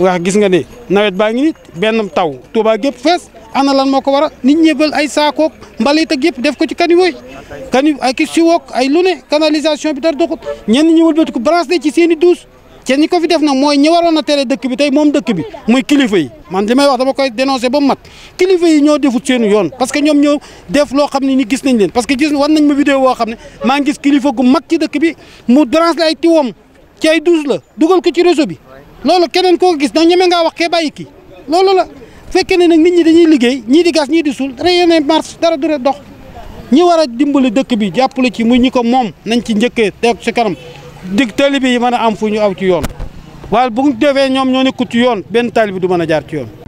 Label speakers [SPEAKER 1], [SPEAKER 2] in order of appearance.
[SPEAKER 1] wax gis nga ne nawet baa ngi nit benn taw Touba gépp fees ana lan moo ko waral nit ñëbal ay saakoog mbalit ak yëpp def ko ci caniveau yi caniveau ay ki siwoog ay lu ne canalisation bi dara doxut ñenn ñëw wëlbati ko branché ci seen i douche te ñi ko fi def nag mooy ñi waroon a tere dëkk bi tey moom dëkk bi muy kilifa yi man li may wax dama koy dénoncé ba mu mat kilifa yi ñoo defut seenu yoon parce que ñoom ñoo def loo xam ne ni gis nañ leen parce que gis war nañ ma vidéo woo xam ne maa ngi gis kilifa gu mag ci dëkk bi mu branché ay ay douche la dugal ko ci réseau bi loolu keneen koo gis ndax ñeme ngaa wax kee bàyyi kii loolu la fekkee ne nag nit ñi dañuy liggéey ñii di gas ñii di suul rien yeneen marche dara du dox ñi war a dimbali dëkk bi jàppale ci mu ñi ko moom nañ ci njëkkee teg ci kanam dig tali bi yi mën a am fu ñu aw ci yoon waaye bu ñu defee ñoom ñoo nekkut ci yoon benn tali bi du mën a jaar ci yoon